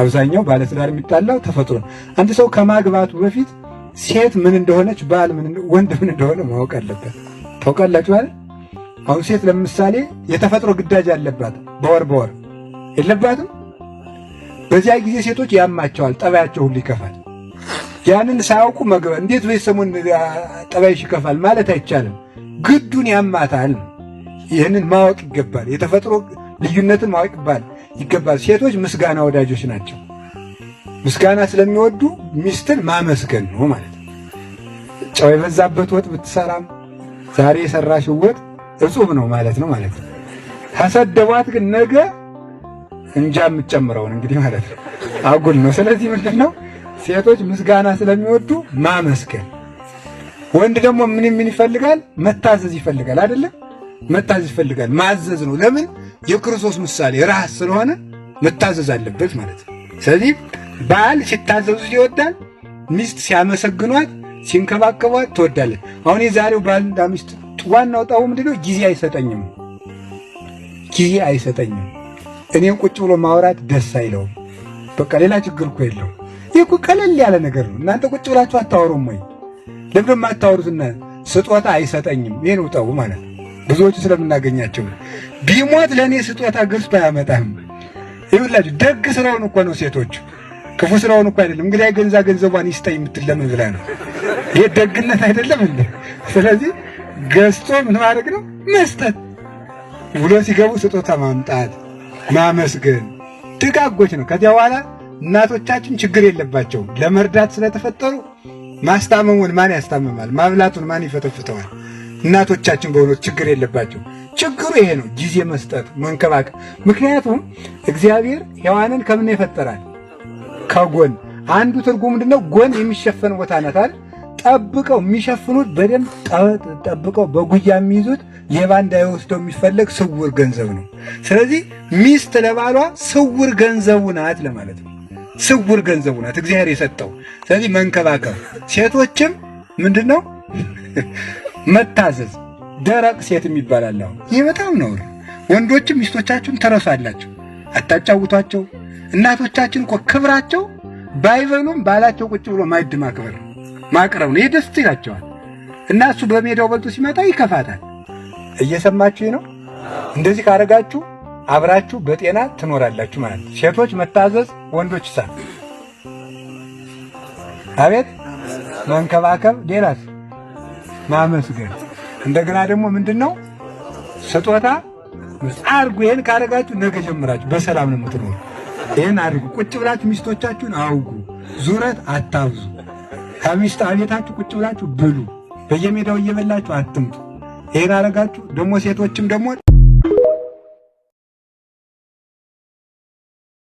አብዛኛው ባለትዳር የሚጣላው ተፈጥሮ ነው። አንድ ሰው ከማግባቱ በፊት ሴት ምን እንደሆነች፣ ባል ወንድ ምን እንደሆነ ማወቅ አለበት። ታውቃላችሁ አይደል? አሁን ሴት ለምሳሌ የተፈጥሮ ግዳጅ አለባት፣ በወር በወር የለባትም። በዚያ ጊዜ ሴቶች ያማቸዋል፣ ጠባያቸው ሁሉ ይከፋል። ያንን ሳያውቁ መግበ እንዴት በዚህ ሰሞን ጠባይሽ ይከፋል ማለት አይቻልም። ግዱን ያማታል። ይህንን ማወቅ ይገባል። የተፈጥሮ ልዩነትን ማወቅ ይባል ይገባል። ሴቶች ምስጋና ወዳጆች ናቸው። ምስጋና ስለሚወዱ ሚስትን ማመስገን ነው ማለት ነው። ጨው የበዛበት ወጥ ብትሰራም ዛሬ የሰራሽው ወጥ እጹብ ነው ማለት ነው ማለት ነው። ተሰደቧት ግን ነገ እንጃ የምትጨምረውን እንግዲህ ማለት ነው። አጉል ነው። ስለዚህ ምንድን ነው ሴቶች ምስጋና ስለሚወዱ ማመስገን። ወንድ ደግሞ ምን ምን ይፈልጋል? መታዘዝ ይፈልጋል። አይደለም መታዘዝ ይፈልጋል። ማዘዝ ነው ለምን የክርስቶስ ምሳሌ ራስ ስለሆነ መታዘዝ አለበት ማለት ነው። ስለዚህ ባል ሲታዘዙ ይወዳል፣ ሚስት ሲያመሰግኗት ሲንከባከቧት ትወዳለች። አሁን የዛሬው ባልና ሚስት ዋናው ጣው ምንድነው? ጊዜ አይሰጠኝም፣ ጊዜ አይሰጠኝም፣ እኔን ቁጭ ብሎ ማውራት ደስ አይለውም። በቃ ሌላ ችግር እኮ የለውም። ይህ እኮ ቀለል ያለ ነገር ነው። እናንተ ቁጭ ብላችሁ አታወሩም ወይ? ለምንድን የማታወሩትና ስጦታ አይሰጠኝም። ይሄ ነው ጣው ማለት ነው። ብዙዎቹ ስለምናገኛቸው ቢሞት ለእኔ ስጦታ ገዝቶ አያመጣም። ይሁላችሁ ደግ ስራውን እኮ ነው ሴቶች ክፉ ስራውን እኮ አይደለም። እንግዲህ ገንዛ ገንዘቧን ይስጠኝ ለምን ብላ ነው። ይህ ደግነት አይደለም እንዴ? ስለዚህ ገዝቶ ምን ማድረግ ነው መስጠት። ውሎ ሲገቡ ስጦታ ማምጣት፣ ማመስገን ድጋጎች ነው። ከዚያ በኋላ እናቶቻችን ችግር የለባቸው ለመርዳት ስለተፈጠሩ ማስታመሙን ማን ያስታምማል? ማብላቱን ማን ይፈተፍተዋል? እናቶቻችን በሆኑ ችግር የለባቸው። ችግሩ ይሄ ነው፣ ጊዜ መስጠት መንከባከብ። ምክንያቱም እግዚአብሔር ሔዋንን ከምን ይፈጠራል? ከጎን አንዱ ትርጉም ምንድነው? ጎን የሚሸፈን ቦታ ናታል። ጠብቀው የሚሸፍኑት በደንብ ጠብቀው በጉያ የሚይዙት ሌባ እንዳይወስደው የሚፈለግ ስውር ገንዘብ ነው። ስለዚህ ሚስት ለባሏ ስውር ገንዘቡ ናት ለማለት ነው። ስውር ገንዘቡ ናት እግዚአብሔር የሰጠው። ስለዚህ መንከባከብ ሴቶችም ምንድን ነው መታዘዝ ደረቅ ሴት የሚባል አለ። ይህ በጣም ነውር። ወንዶችም ሚስቶቻችሁን ተረሳላችሁ፣ አታጫውቷቸው። እናቶቻችን እኮ ክብራቸው ባይበሉም ባላቸው ቁጭ ብሎ ማዕድ ማክበር ማቅረብ ነው። ይህ ደስ ይላቸዋል። እና እሱ በሜዳው በልቶ ሲመጣ ይከፋታል። እየሰማችሁ ነው። እንደዚህ ካረጋችሁ አብራችሁ በጤና ትኖራላችሁ ማለት ነው። ሴቶች መታዘዝ፣ ወንዶች ሳ አቤት መንከባከብ ሌላስ ማመስገን። እንደገና ደግሞ ምንድን ነው ስጦታ አርጉ ይህን ካረጋችሁ ነገ ጀምራችሁ በሰላም ነው የምትኖሩ። ይህን አድርጉ። ቁጭ ብላችሁ ሚስቶቻችሁን አውጉ። ዙረት አታብዙ። ከሚስት አቤታችሁ ቁጭ ብላችሁ ብሉ። በየሜዳው እየበላችሁ አትምጡ። ይህን አረጋችሁ ደግሞ ሴቶችም ደግሞ